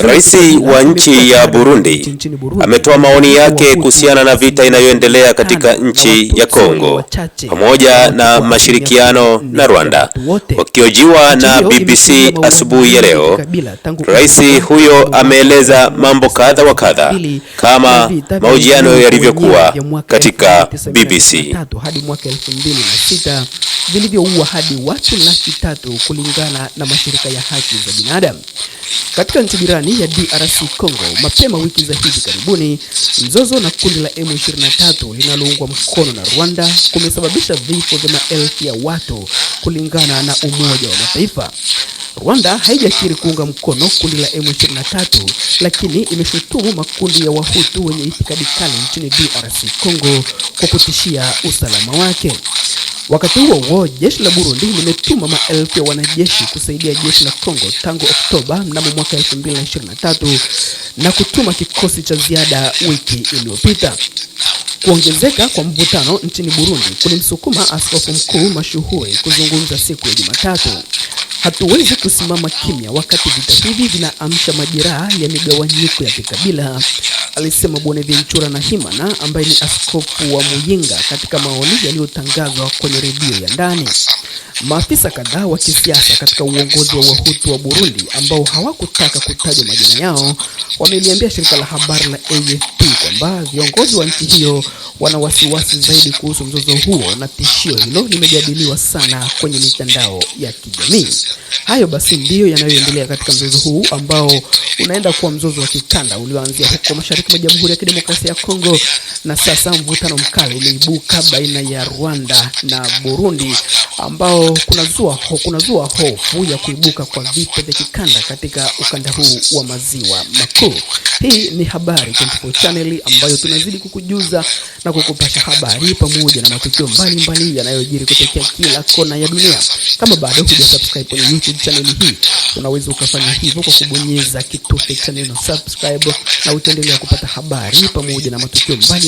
Rais wa nchi ya Burundi ametoa maoni yake kuhusiana na vita inayoendelea katika nchi ya Kongo pamoja na mashirikiano na Rwanda. Wakiojiwa na BBC asubuhi ya leo, rais huyo ameeleza mambo kadha wa kadha kama mahojiano yalivyokuwa katika BBC vilivyoua hadi watu laki tatu kulingana na mashirika ya haki za binadamu katika nchi jirani ndani ya DRC Congo. Mapema wiki za hivi karibuni, mzozo na kundi la M23 linaloungwa mkono na Rwanda kumesababisha vifo vya maelfu ya watu kulingana na Umoja wa Mataifa. Rwanda haijakiri kuunga mkono kundi la M23 lakini imeshutumu makundi ya Wahutu wenye itikadi kali nchini DRC Congo kwa kutishia usalama wake. Wakati huo huo, jeshi la Burundi limetuma maelfu ya wanajeshi kusaidia jeshi la Kongo tangu Oktoba mnamo mwaka 2023 na kutuma kikosi cha ziada wiki iliyopita. Kuongezeka kwa mvutano nchini Burundi kulimsukuma askofu mkuu mashuhuri kuzungumza siku ya Jumatatu. Hatuwezi kusimama kimya wakati vita hivi vinaamsha majeraha ya migawanyiko ya kikabila, alisema Bwana Nahimana ambaye ni askofu wa Muyinga katika maoni yaliyotangazwa kwenye redio ya ndani. Maafisa kadhaa wa kisiasa katika uongozi wa Wahutu wa Burundi ambao hawakutaka kutaja majina yao wameliambia shirika la habari la AFP kwamba viongozi wa nchi hiyo wana wasiwasi zaidi kuhusu mzozo huo na tishio hilo limejadiliwa sana kwenye mitandao ya kijamii. Hayo basi ndiyo yanayoendelea katika mzozo huu ambao unaenda kuwa mzozo wa kikanda ulioanzia huko mashariki mwa Jamhuri ya Kidemokrasia ya Kongo na sasa mvutano mkali umeibuka baina ya Rwanda na Burundi ambao kunazua ho, kunazua hofu ya kuibuka kwa vita vya kikanda katika ukanda huu wa maziwa makuu. Hii ni Habari 24 Channel ambayo tunazidi kukujuza na kukupasha habari pamoja na matukio mbalimbali yanayojiri kutokea kila kona ya dunia. Kama bado subscribe kwenye YouTube channel hii, unaweza ukafanya hivyo kwa kubonyeza kitufe cha neno subscribe, na utaendelea kupata habari pamoja na matukio mbali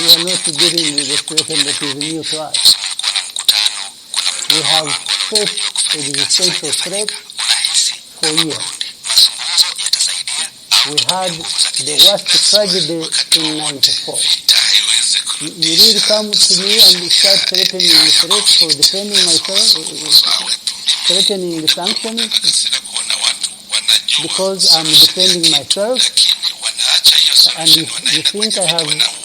We are not dealing with the situation that is new to us. We have faced existential threat for years. We had the worst tragedy in 94. You, did really come to me and start threatening the threat for defending myself, threatening the sanctions, because I'm defending myself, and you, you think I have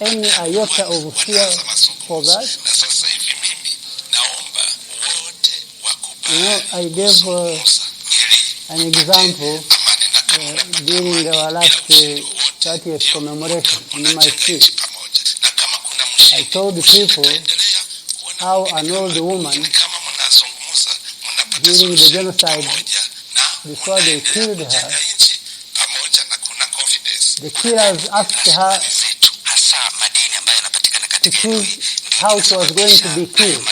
any iota of fear for that? You know, I gave uh, an example uh, during our last uh, 30th commemoration in my speech. I told the people how an old woman during the genocide before they killed her, the killers asked her to choose how it was going to be killed.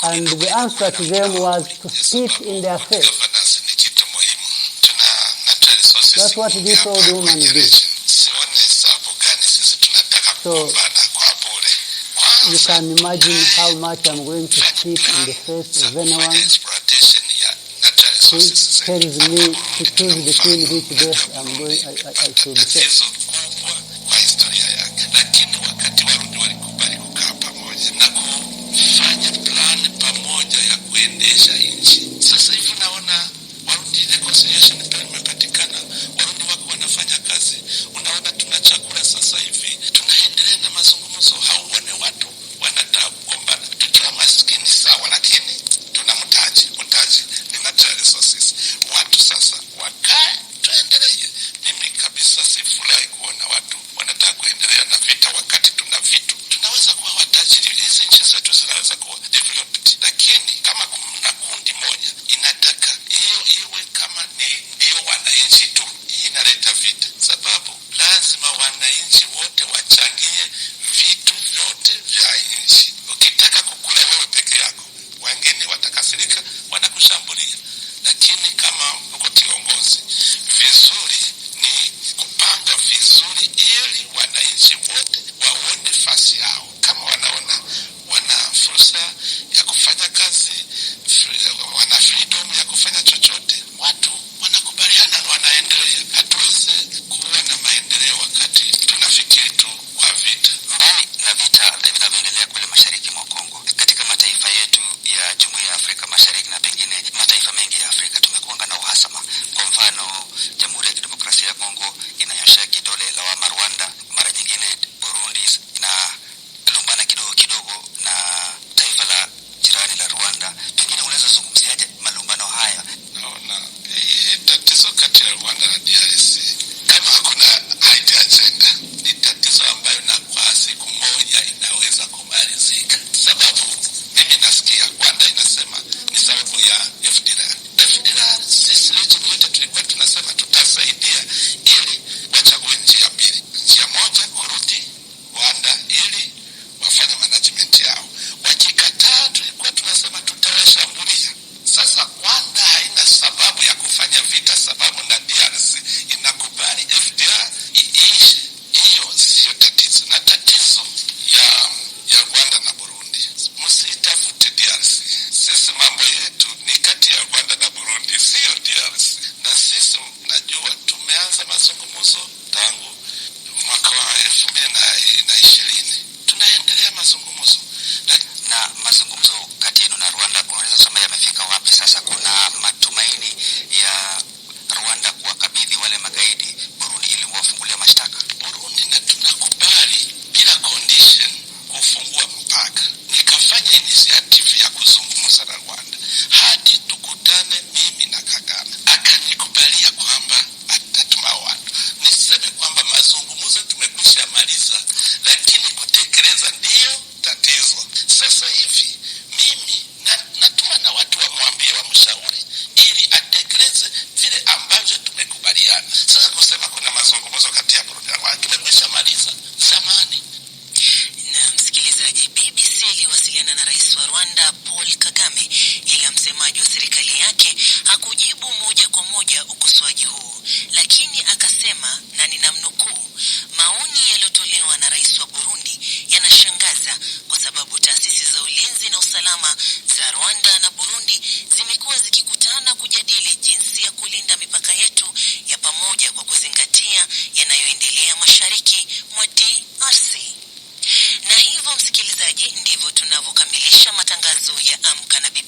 Ah, And the answer to them was to spit in their face. That's what this old woman did. So you can imagine eh, how much I'm going to spit in the face of anyone who tells me to choose between which death I'm going, I, I, I should say. Gracias. La tiene mwa DRC. Na hivyo msikilizaji, ndivyo tunavyokamilisha matangazo ya Amka na